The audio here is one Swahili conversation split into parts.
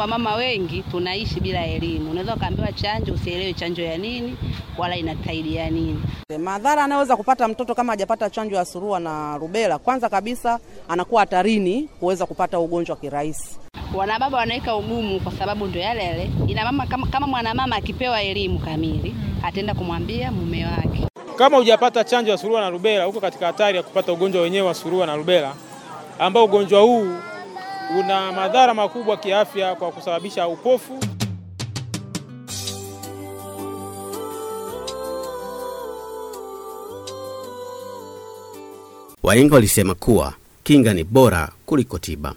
wamama wengi tunaishi bila elimu. Unaweza ukaambiwa chanjo, usielewe chanjo ya nini wala inasaidia nini. Madhara anayoweza kupata mtoto kama hajapata chanjo ya surua na rubela, kwanza kabisa anakuwa hatarini kuweza kupata ugonjwa kirahisi. Wanababa wanaweka ugumu kwa sababu ndio yale yale. Ina mama kama, kama mwanamama akipewa elimu kamili ataenda kumwambia mume wake. Kama hujapata chanjo ya surua na rubela, uko katika hatari ya kupata ugonjwa wenyewe wa surua na rubela, ambao ugonjwa huu una madhara makubwa kiafya kwa kusababisha upofu. Wahenga walisema kuwa kinga ni bora kuliko tiba.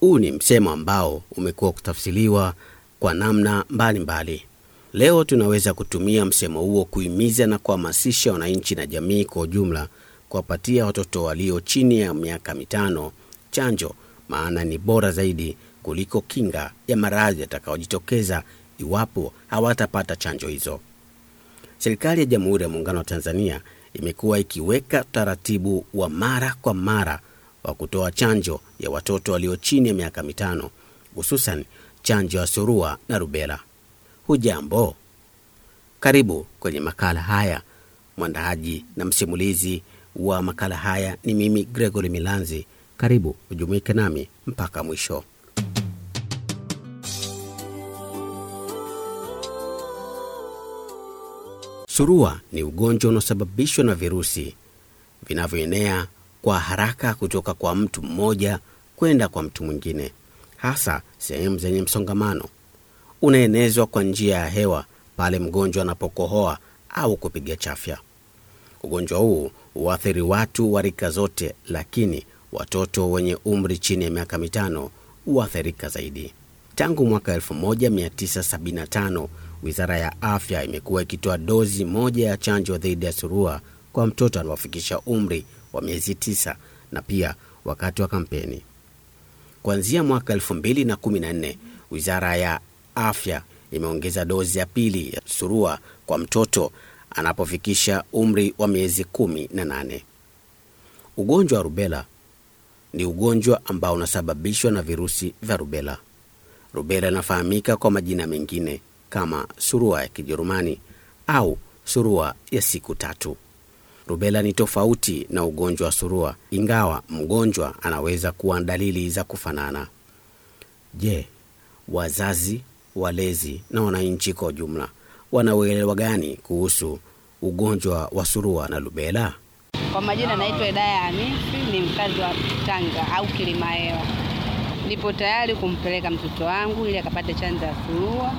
Huu ni msemo ambao umekuwa kutafsiriwa kwa namna mbalimbali mbali. Leo tunaweza kutumia msemo huo kuhimiza na kuhamasisha wananchi na jamii kwa ujumla, kuwapatia watoto walio chini ya miaka mitano chanjo maana ni bora zaidi kuliko kinga ya maradhi yatakayojitokeza iwapo hawatapata chanjo hizo. Serikali ya Jamhuri ya Muungano wa Tanzania imekuwa ikiweka utaratibu wa mara kwa mara wa kutoa chanjo ya watoto walio chini ya miaka mitano, hususan chanjo ya surua na rubela. Hujambo, karibu kwenye makala haya. Mwandaji na msimulizi wa makala haya ni mimi Gregory Milanzi karibu ujumuike nami mpaka mwisho. Surua ni ugonjwa unaosababishwa na virusi vinavyoenea kwa haraka kutoka kwa mtu mmoja kwenda kwa mtu mwingine, hasa sehemu zenye msongamano. Unaenezwa kwa njia ya hewa pale mgonjwa anapokohoa au kupiga chafya. Ugonjwa huu huathiri watu wa rika zote, lakini watoto wenye umri chini ya miaka mitano huathirika zaidi. Tangu mwaka 1975 wizara ya afya imekuwa ikitoa dozi moja ya chanjo dhidi ya surua kwa mtoto anaofikisha umri wa miezi tisa na pia wakati wa kampeni. Kuanzia mwaka 214 wizara ya afya imeongeza dozi ya pili ya surua kwa mtoto anapofikisha umri wa miezi kumi na nane. Ugonjwa wa rubela ni ugonjwa ambao unasababishwa na virusi vya rubela. Rubela inafahamika kwa majina mengine kama surua ya Kijerumani au surua ya siku tatu. Rubela ni tofauti na ugonjwa wa surua, ingawa mgonjwa anaweza kuwa dalili za kufanana. Je, wazazi, walezi na wananchi kwa ujumla wanauelewa gani kuhusu ugonjwa wa surua na rubela? Kwa majina naitwa Edaya Hamisi, ni mkazi wa Tanga au Kilimaewa. Nipo tayari kumpeleka mtoto wangu ili akapate chanjo ya surua,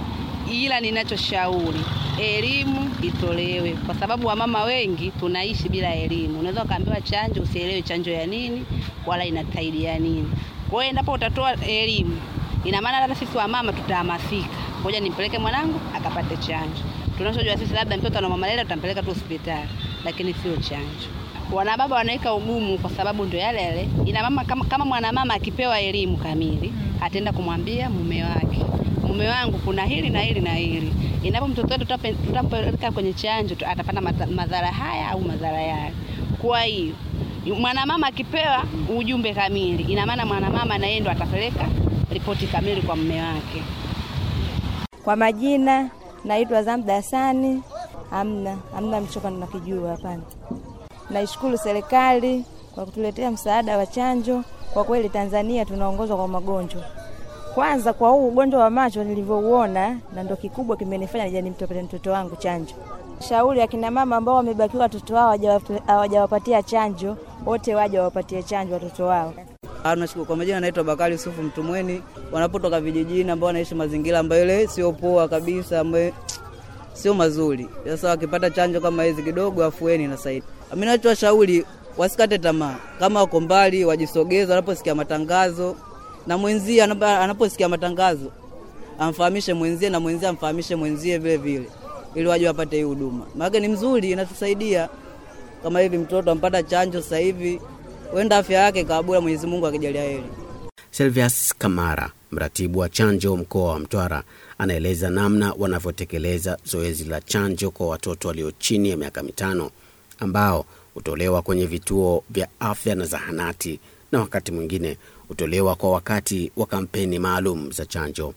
ila ninachoshauri elimu itolewe, kwa sababu wamama wengi tunaishi bila elimu. Unaweza ukaambiwa chanjo, usielewe chanjo ya nini wala inasaidia nini. Kwa hiyo endapo utatoa elimu, ina maana hata sisi wamama tutahamasika, ngoja nimpeleke mwanangu akapate chanjo. Tunachojua sisi labda mtoto ana mama malaria, tutampeleka tu hospitali, lakini sio chanjo wanababa wanaweka ugumu kwa sababu ndio yale yale. Ina mama kama, kama mwanamama akipewa elimu kamili mm. ataenda kumwambia mume wake, mume wangu, kuna hili na hili na hili. Inapo mtoto wetu tutampeleka kwenye chanjo atapata madhara haya au madhara yale. Kwa hiyo mwanamama akipewa ujumbe kamili, ina maana mwanamama na yeye ndo atapeleka ripoti kamili kwa mume wake. Kwa majina naitwa Zamda Hasani. amna hamna mchoka nakijua, hapana. Naishukuru serikali kwa kutuletea msaada wa chanjo. Kwa kweli Tanzania tunaongozwa kwa magonjwa. Kwanza kwa huu ugonjwa wa macho nilivyouona, na ndo kikubwa kimenifanya nija nimtopele mtoto wangu chanjo. Shauri akina mama ambao wamebakiwa watoto wao hawajawapatia chanjo, wote waje wawapatie chanjo watoto wao. Ah, nashukuru. Kwa majina naitwa Bakari Yusufu Mtumweni, wanapotoka vijijini ambao wanaishi mazingira ambayo ile sio poa kabisa, ambayo sio mazuri. Sasa wakipata chanjo kama hizi kidogo afueni na saidi mimi nachowashauri wasikate tamaa, kama wako mbali wajisogeze, wanaposikia matangazo na mwenzie anaposikia matangazo amfahamishe mwenzie na mwenzie amfahamishe mwenzie vile vile, ili waje wapate hii huduma, maana ni mzuri, inatusaidia kama hivi mtoto ampata chanjo sasa hivi, wenda afya yake kabula, Mwenyezi Mungu akijalia heri. Selvius Kamara, mratibu wa chanjo mkoa wa Mtwara, anaeleza namna wanavyotekeleza zoezi la chanjo kwa watoto walio chini ya miaka mitano ambao hutolewa kwenye vituo vya afya na zahanati na wakati mwingine hutolewa kwa wakati wa kampeni maalum za chanjo,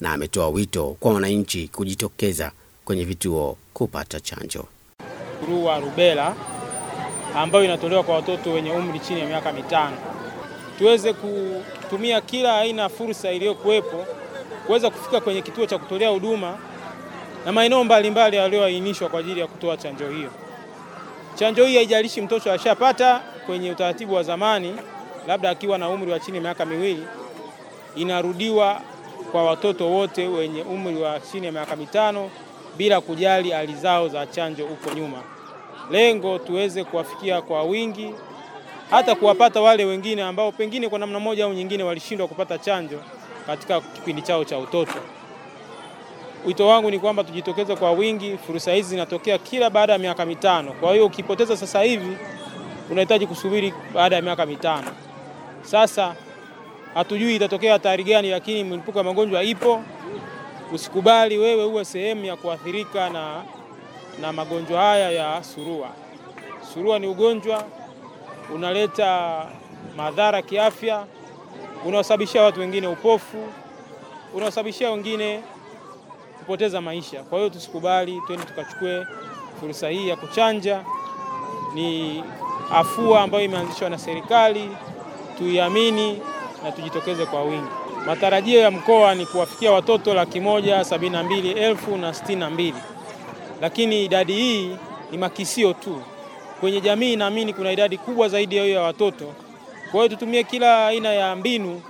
na ametoa wito kwa wananchi kujitokeza kwenye vituo kupata chanjo. Kurua rubela ambayo inatolewa kwa watoto wenye umri chini ya miaka mitano, tuweze kutumia kila aina ya fursa iliyokuwepo kuweza kufika kwenye kituo cha kutolea huduma na maeneo mbalimbali yaliyoainishwa kwa ajili ya kutoa chanjo hiyo. Chanjo hii haijalishi mtoto ashapata kwenye utaratibu wa zamani, labda akiwa na umri wa chini miaka miwili, inarudiwa kwa watoto wote wenye umri wa chini ya miaka mitano bila kujali hali zao za chanjo huko nyuma. Lengo tuweze kuwafikia kwa wingi, hata kuwapata wale wengine ambao pengine kwa namna moja au nyingine walishindwa kupata chanjo katika kipindi chao cha utoto wito wangu ni kwamba tujitokeze kwa wingi. Fursa hizi zinatokea kila baada ya miaka mitano, kwa hiyo ukipoteza sasa hivi unahitaji kusubiri baada ya miaka mitano. Sasa hatujui itatokea hatari gani, lakini mlipuko ya magonjwa ipo. Usikubali wewe uwe sehemu ya kuathirika na, na magonjwa haya ya surua. Surua ni ugonjwa unaleta madhara kiafya, unaosababishia watu wengine upofu, unaosababishia wengine kupoteza maisha. Kwa hiyo tusikubali, twende tukachukue fursa hii ya kuchanja. Ni afua ambayo imeanzishwa na serikali, tuiamini na tujitokeze kwa wingi. Matarajio ya mkoa ni kuwafikia watoto laki moja sabini na mbili elfu na sitini na mbili, lakini idadi hii ni makisio tu. Kwenye jamii naamini kuna idadi kubwa zaidi ya hiyo ya watoto. Kwa hiyo tutumie kila aina ya mbinu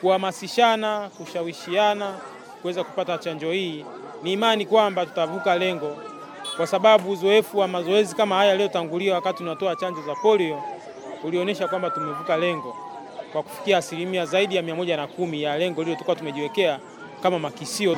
kuhamasishana, kushawishiana kuweza kupata chanjo hii, ni imani kwamba tutavuka lengo, kwa sababu uzoefu wa mazoezi kama haya yaliyotangulia wakati tunatoa chanjo za polio ulionyesha kwamba tumevuka lengo kwa kufikia asilimia zaidi ya mia moja na kumi ya lengo lilo tulikuwa tumejiwekea kama makisio.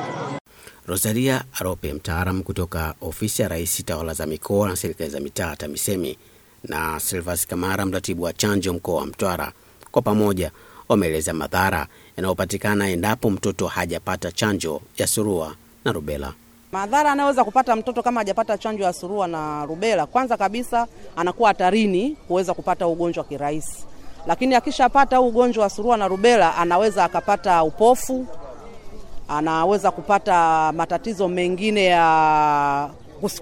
Rosaria Arope, mtaalam kutoka ofisi ya Rais, tawala za mikoa na serikali za mitaa, TAMISEMI, na Silvas Kamara, mratibu wa chanjo mkoa wa Mtwara, kwa pamoja wameeleza madhara yanayopatikana endapo mtoto hajapata chanjo ya surua na rubela. Madhara anayoweza kupata mtoto kama hajapata chanjo ya surua na rubela, kwanza kabisa anakuwa hatarini kuweza kupata ugonjwa kirahisi, lakini akishapata huu ugonjwa wa surua na rubela anaweza akapata upofu, anaweza kupata matatizo mengine ya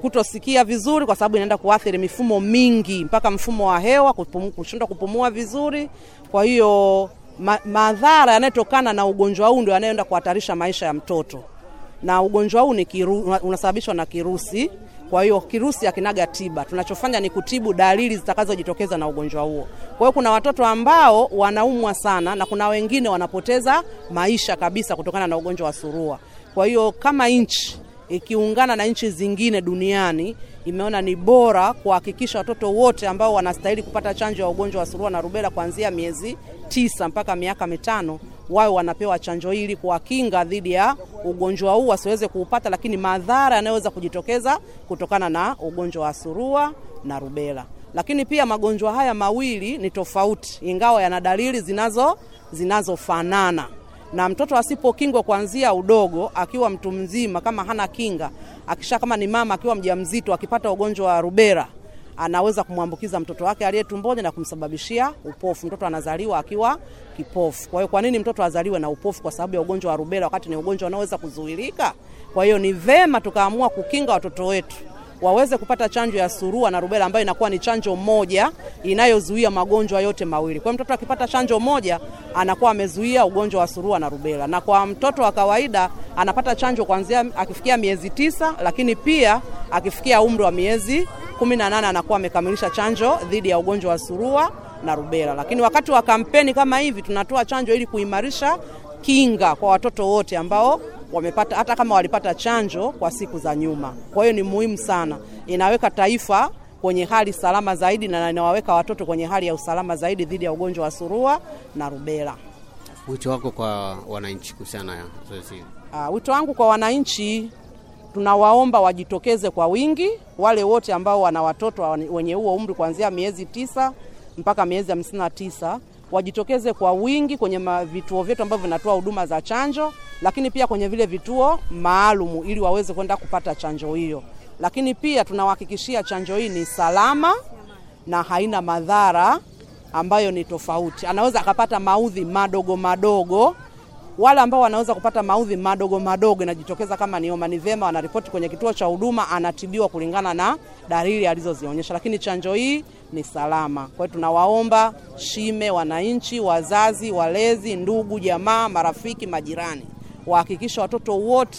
kutosikia vizuri, kwa sababu inaenda kuathiri mifumo mingi, mpaka mfumo wa hewa, kushindwa kupumua vizuri. Kwa hiyo ma, madhara yanayotokana na ugonjwa huu ndio yanayoenda kuhatarisha maisha ya mtoto, na ugonjwa huu ni kiru, unasababishwa na kirusi. Kwa hiyo kirusi hakinaga tiba, tunachofanya ni kutibu dalili zitakazojitokeza na ugonjwa huo. Kwa hiyo kuna watoto ambao wanaumwa sana na kuna wengine wanapoteza maisha kabisa kutokana na ugonjwa wa surua. Kwa hiyo kama nchi ikiungana na nchi zingine duniani imeona ni bora kuhakikisha watoto wote ambao wanastahili kupata chanjo ya ugonjwa wa surua na rubela kuanzia miezi tisa mpaka miaka mitano wawe wanapewa chanjo hii ili kuwakinga dhidi ya ugonjwa huu wasiweze kuupata, lakini madhara yanayoweza kujitokeza kutokana na ugonjwa wa surua na rubela. Lakini pia magonjwa haya mawili ni tofauti, ingawa yana dalili zinazo zinazofanana na mtoto asipokingwa kuanzia udogo, akiwa mtu mzima, kama hana kinga, akisha kama ni mama akiwa mjamzito, akipata ugonjwa wa rubera anaweza kumwambukiza mtoto wake aliye tumboni na kumsababishia upofu. Mtoto anazaliwa akiwa kipofu. Kwa hiyo kwa nini mtoto azaliwe na upofu? Kwa sababu ya ugonjwa wa rubela, wakati ni ugonjwa unaoweza kuzuilika. Kwa hiyo ni vema tukaamua kukinga watoto wetu waweze kupata chanjo ya surua na rubela ambayo inakuwa ni chanjo moja inayozuia magonjwa yote mawili. Kwa mtoto akipata chanjo moja anakuwa amezuia ugonjwa wa surua na rubela, na kwa mtoto wa kawaida anapata chanjo kuanzia akifikia miezi tisa, lakini pia akifikia umri wa miezi kumi na nane anakuwa amekamilisha chanjo dhidi ya ugonjwa wa surua na rubela. Lakini wakati wa kampeni kama hivi tunatoa chanjo ili kuimarisha kinga kwa watoto wote ambao wamepata hata kama walipata chanjo kwa siku za nyuma. Kwa hiyo ni muhimu sana, inaweka taifa kwenye hali salama zaidi na inawaweka watoto kwenye hali ya usalama zaidi dhidi ya ugonjwa wa surua na rubela. Wito wako kwa wananchi kuhusiana na zoezi hili? Uh, wito wangu kwa wananchi tunawaomba wajitokeze kwa wingi, wale wote ambao wana watoto wenye huo umri kuanzia miezi tisa mpaka miezi hamsini na tisa wajitokeze kwa wingi kwenye vituo vyetu ambavyo vinatoa huduma za chanjo, lakini pia kwenye vile vituo maalumu ili waweze kwenda kupata chanjo hiyo. Lakini pia tunawahakikishia chanjo hii ni salama na haina madhara ambayo ni tofauti. Anaweza akapata maudhi madogo madogo wale ambao wanaweza kupata maudhi madogo madogo, inajitokeza kama ni homa, ni wanaripoti kwenye kituo cha huduma, anatibiwa kulingana na dalili alizozionyesha, lakini chanjo hii ni salama. Kwa hiyo tunawaomba shime, wananchi, wazazi, walezi, ndugu, jamaa, marafiki, majirani wahakikisha watoto wote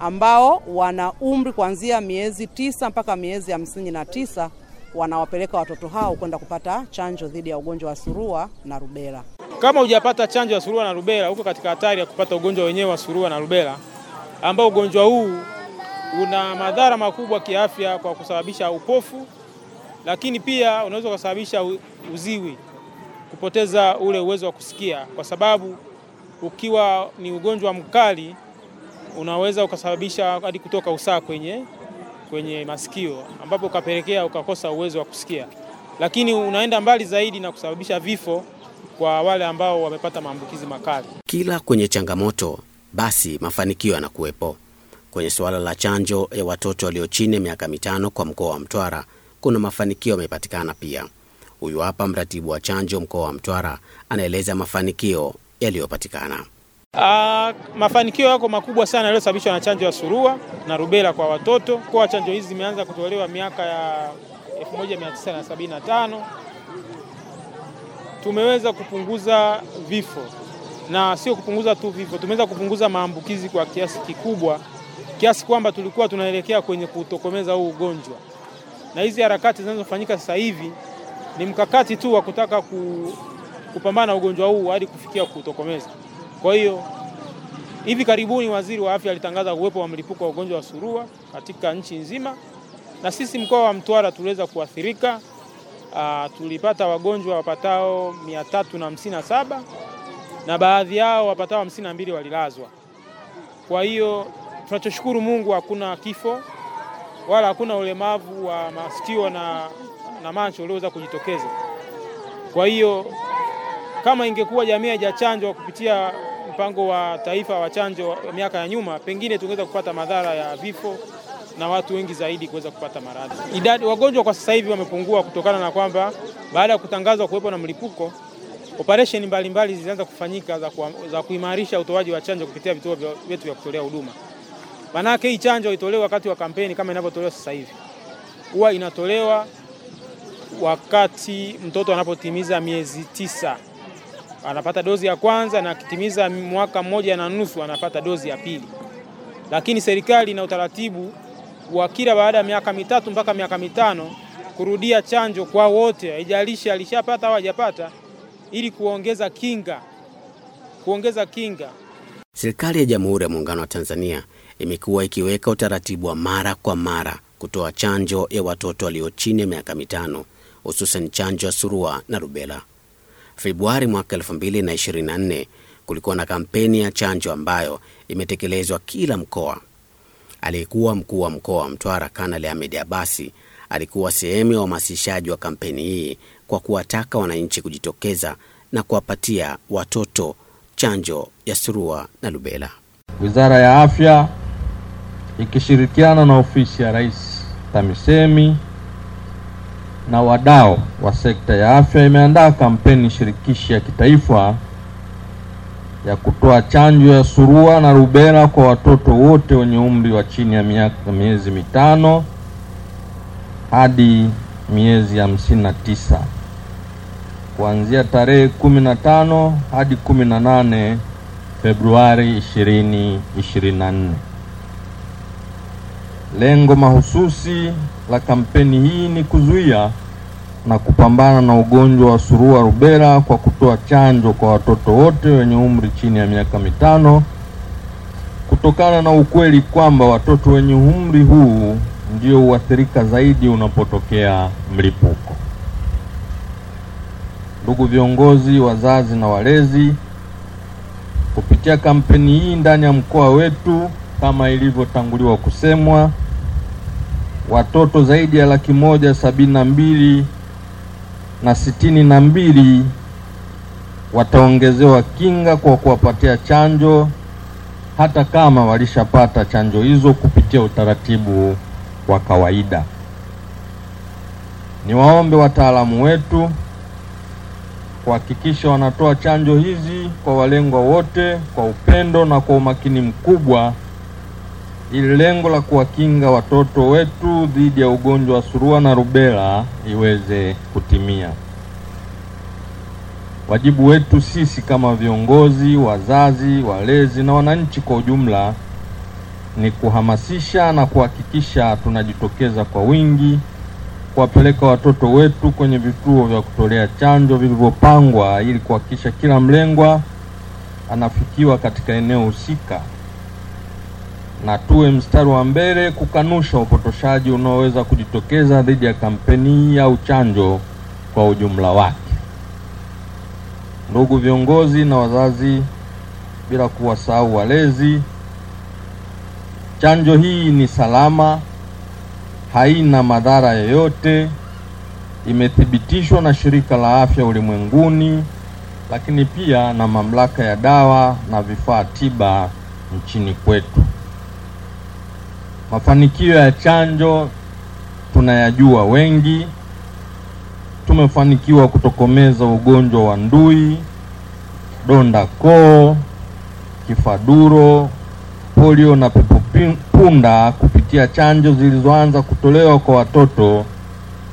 ambao wana umri kuanzia miezi tisa mpaka miezi hamsini na tisa wanawapeleka watoto hao kwenda kupata chanjo dhidi ya ugonjwa wa surua na rubela. Kama hujapata chanjo ya surua na rubela, uko katika hatari ya kupata ugonjwa wenyewe wa surua na rubela, ambao ugonjwa huu una madhara makubwa kiafya kwa kusababisha upofu, lakini pia unaweza kusababisha uziwi, kupoteza ule uwezo wa kusikia, kwa sababu ukiwa ni ugonjwa mkali unaweza ukasababisha hadi kutoka usaha kwenye, kwenye masikio ambapo ukapelekea ukakosa uwezo wa kusikia, lakini unaenda mbali zaidi na kusababisha vifo kwa wale ambao wamepata maambukizi makali. Kila kwenye changamoto basi mafanikio yanakuwepo. Kwenye suala la chanjo ya watoto walio chini ya miaka mitano kwa mkoa wa Mtwara kuna mafanikio yamepatikana pia. Huyu hapa mratibu wa chanjo mkoa wa Mtwara anaeleza mafanikio yaliyopatikana. Uh, mafanikio yako makubwa sana yaliyosababishwa na chanjo ya surua na rubela kwa watoto. Kwa chanjo hizi zimeanza kutolewa miaka ya 1975 tumeweza kupunguza vifo, na sio kupunguza tu vifo, tumeweza kupunguza maambukizi kwa kiasi kikubwa, kiasi kwamba tulikuwa tunaelekea kwenye kutokomeza huu ugonjwa. Na hizi harakati zinazofanyika sasa hivi ni mkakati tu wa kutaka ku, kupambana na ugonjwa huu hadi kufikia kutokomeza. Kwa hiyo hivi karibuni waziri wa afya alitangaza uwepo wa mlipuko wa ugonjwa wa surua katika nchi nzima, na sisi mkoa wa Mtwara tuliweza kuathirika. Ah, tulipata wagonjwa wapatao 357 na baadhi yao wapatao 52 walilazwa. Kwa hiyo tunachoshukuru Mungu, hakuna kifo wala hakuna ulemavu wa masikio na, na macho ulioweza kujitokeza. Kwa hiyo kama ingekuwa jamii haijachanjwa kupitia mpango wa taifa wa chanjo miaka ya nyuma, pengine tungeweza kupata madhara ya vifo na watu wengi zaidi kuweza kupata maradhi. Idadi wagonjwa kwa sasa hivi wamepungua kutokana na kwamba baada ya kutangazwa kuwepo na mlipuko, operesheni mbalimbali zilianza kufanyika za, ku, za kuimarisha utoaji wa chanjo kupitia vituo vyetu vya kutolea huduma. Maanake hii chanjo itolewa wakati wa kampeni kama inavyotolewa sasa hivi, huwa inatolewa wakati mtoto anapotimiza miezi tisa anapata dozi ya kwanza, na akitimiza mwaka mmoja na nusu anapata dozi ya pili, lakini serikali ina utaratibu wa kila baada ya miaka mitatu mpaka miaka mitano kurudia chanjo kwa wote, haijalishi alishapata au hajapata, ili kuongeza kinga, kuongeza kinga. Serikali ya Jamhuri ya Muungano wa Tanzania imekuwa ikiweka utaratibu wa mara kwa mara kutoa chanjo ya watoto walio chini ya miaka mitano, hususan chanjo ya surua na rubela. Februari mwaka 2024 kulikuwa na kampeni ya chanjo ambayo imetekelezwa kila mkoa. Aliyekuwa mkuu wa mkoa wa Mtwara Kanali Hamid Abasi alikuwa sehemu ya uhamasishaji wa kampeni hii kwa kuwataka wananchi kujitokeza na kuwapatia watoto chanjo ya surua na lubela. Wizara ya Afya ikishirikiana na ofisi ya Rais TAMISEMI na wadau wa sekta ya afya imeandaa kampeni shirikishi ya kitaifa ya kutoa chanjo ya surua na rubela kwa watoto wote wenye umri wa chini ya miaka miezi mitano hadi miezi hamsini na tisa kuanzia tarehe kumi na tano hadi kumi na nane Februari ishirini ishirini na nne. Lengo mahususi la kampeni hii ni kuzuia na kupambana na ugonjwa wa surua rubela kwa kutoa chanjo kwa watoto wote wenye umri chini ya miaka mitano kutokana na ukweli kwamba watoto wenye umri huu ndio huathirika zaidi unapotokea mlipuko. Ndugu viongozi, wazazi na walezi, kupitia kampeni hii ndani ya mkoa wetu, kama ilivyotanguliwa kusemwa, watoto zaidi ya laki moja sabini na mbili na sitini na mbili wataongezewa kinga kwa kuwapatia chanjo hata kama walishapata chanjo hizo kupitia utaratibu wa kawaida. Niwaombe wataalamu wetu kuhakikisha wanatoa chanjo hizi kwa walengwa wote kwa upendo na kwa umakini mkubwa ili lengo la kuwakinga watoto wetu dhidi ya ugonjwa wa surua na rubela iweze kutimia. Wajibu wetu sisi kama viongozi, wazazi, walezi na wananchi kwa ujumla ni kuhamasisha na kuhakikisha tunajitokeza kwa wingi kuwapeleka watoto wetu kwenye vituo vya kutolea chanjo vilivyopangwa ili kuhakikisha kila mlengwa anafikiwa katika eneo husika na tuwe mstari wa mbele kukanusha upotoshaji unaoweza kujitokeza dhidi ya kampeni hii au chanjo kwa ujumla wake. Ndugu viongozi na wazazi, bila kuwasahau walezi, chanjo hii ni salama, haina madhara yoyote, imethibitishwa na Shirika la Afya Ulimwenguni, lakini pia na Mamlaka ya Dawa na Vifaa Tiba nchini kwetu. Mafanikio ya chanjo tunayajua wengi. Tumefanikiwa kutokomeza ugonjwa wa ndui, donda koo, kifaduro, polio na pepo punda kupitia chanjo zilizoanza kutolewa kwa watoto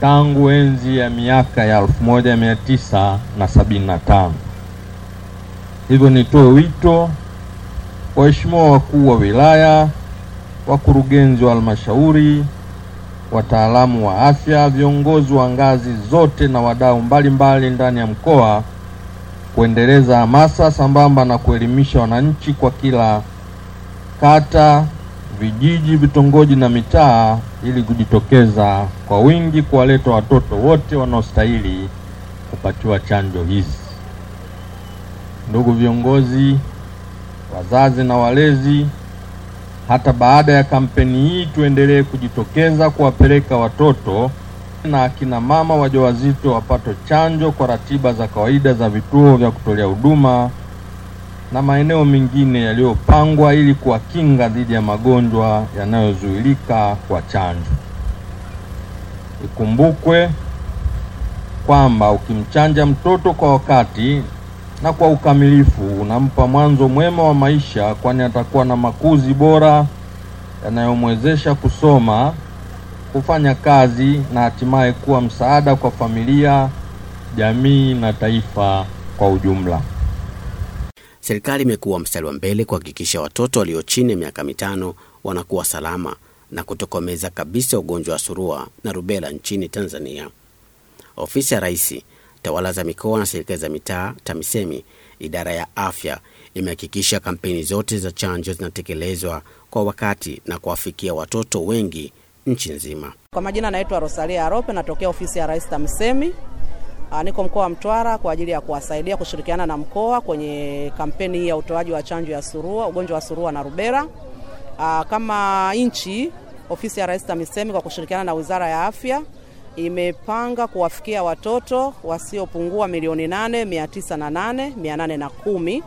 tangu enzi ya miaka ya 1975. Hivyo nitoe wito waheshimiwa wakuu wa wilaya wakurugenzi wa halmashauri, wataalamu wa afya, viongozi wa ngazi zote na wadau mbalimbali ndani ya mkoa kuendeleza hamasa sambamba na kuelimisha wananchi kwa kila kata, vijiji, vitongoji na mitaa ili kujitokeza kwa wingi kuwaleta watoto wote wanaostahili kupatiwa chanjo hizi. Ndugu viongozi, wazazi na walezi hata baada ya kampeni hii tuendelee kujitokeza kuwapeleka watoto na akina mama wajawazito wapate chanjo kwa ratiba za kawaida za vituo vya kutolea huduma na maeneo mengine yaliyopangwa ili kuwakinga dhidi ya magonjwa yanayozuilika kwa chanjo. Ikumbukwe kwamba ukimchanja mtoto kwa wakati na kwa ukamilifu unampa mwanzo mwema wa maisha, kwani atakuwa na makuzi bora yanayomwezesha kusoma, kufanya kazi na hatimaye kuwa msaada kwa familia, jamii na taifa kwa ujumla. Serikali imekuwa mstari wa mbele kuhakikisha watoto walio chini ya miaka mitano wanakuwa salama na kutokomeza kabisa ugonjwa wa surua na rubela nchini Tanzania. Ofisi ya raisi tawala za mikoa na serikali za mitaa TAMISEMI, idara ya afya imehakikisha kampeni zote za chanjo zinatekelezwa kwa wakati na kuwafikia watoto wengi nchi nzima. Kwa majina anaitwa Rosalia Arope, natokea ofisi ya Rais TAMISEMI. Ah, niko mkoa wa Mtwara kwa ajili ya kuwasaidia kushirikiana na mkoa kwenye kampeni hii ya utoaji wa chanjo ya surua, ugonjwa wa surua na rubera. Ah, kama nchi, ofisi ya Rais TAMISEMI kwa kushirikiana na Wizara ya Afya imepanga kuwafikia watoto wasiopungua milioni kumi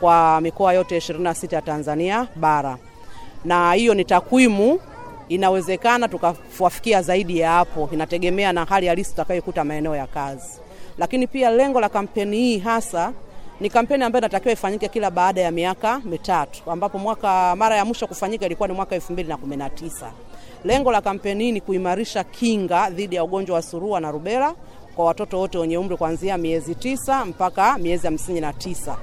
kwa mikoa yote 26 ya Tanzania bara, na hiyo ni takwimu. Inawezekana tukawafikia zaidi ya hapo, inategemea na hali halisi tutakayokuta maeneo ya kazi. Lakini pia lengo la kampeni hii hasa ni kampeni ambayo inatakiwa ifanyike kila baada ya miaka mitatu, ambapo mwaka mara ya mwisho kufanyika ilikuwa ni mwaka tisa. Lengo la kampeni hii ni kuimarisha kinga dhidi ya ugonjwa wa surua na rubela kwa watoto wote wenye umri kuanzia miezi tisa mpaka miezi hamsini na tisa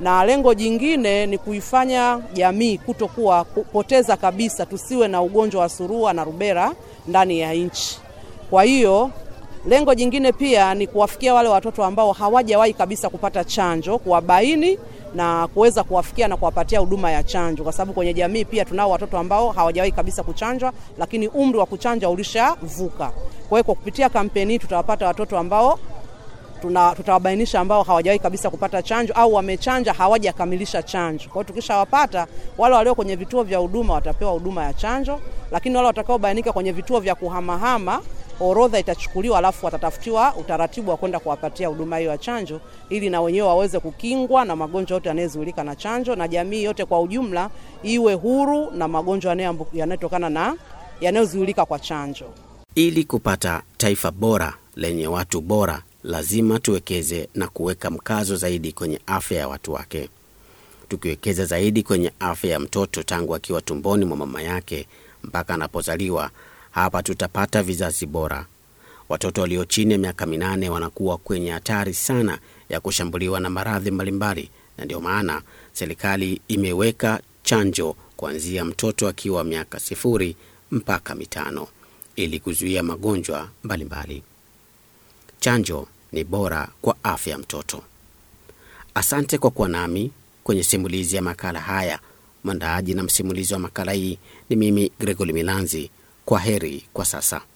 na lengo jingine ni kuifanya jamii kutokuwa kupoteza kabisa, tusiwe na ugonjwa wa surua na rubela ndani ya nchi. Kwa hiyo lengo jingine pia ni kuwafikia wale watoto ambao hawajawahi kabisa kupata chanjo, kuwabaini na kuweza kuwafikia na kuwapatia huduma ya chanjo, kwa sababu kwenye jamii pia tunao watoto ambao hawajawahi kabisa kuchanjwa, lakini umri wa kuchanja ulishavuka. Kwa hiyo kwa kupitia kampeni hii tutawapata watoto ambao tuna, tutawabainisha ambao hawajawahi kabisa kupata chanjo au wamechanja hawajakamilisha chanjo. Kwa hiyo tukishawapata wale walio kwenye vituo vya huduma watapewa huduma ya chanjo, lakini wale watakaobainika kwenye vituo vya kuhamahama orodha itachukuliwa, alafu watatafutiwa utaratibu wa kwenda kuwapatia huduma hiyo ya chanjo, ili na wenyewe waweze kukingwa na magonjwa yote yanayozuilika na chanjo, na jamii yote kwa ujumla iwe huru na magonjwa yanayotokana na yanayozuilika kwa chanjo. Ili kupata taifa bora lenye watu bora, lazima tuwekeze na kuweka mkazo zaidi kwenye afya ya watu wake. Tukiwekeza zaidi kwenye afya ya mtoto tangu akiwa tumboni mwa mama yake mpaka anapozaliwa hapa tutapata vizazi bora. Watoto walio chini ya miaka minane wanakuwa kwenye hatari sana ya kushambuliwa na maradhi mbalimbali, na ndio maana serikali imeweka chanjo kuanzia mtoto akiwa miaka sifuri mpaka mitano ili kuzuia magonjwa mbalimbali. Chanjo ni bora kwa afya ya mtoto. Asante kwa kuwa nami kwenye simulizi ya makala haya. Mwandaaji na msimulizi wa makala hii ni mimi Gregoli Milanzi kwa heri kwa sasa.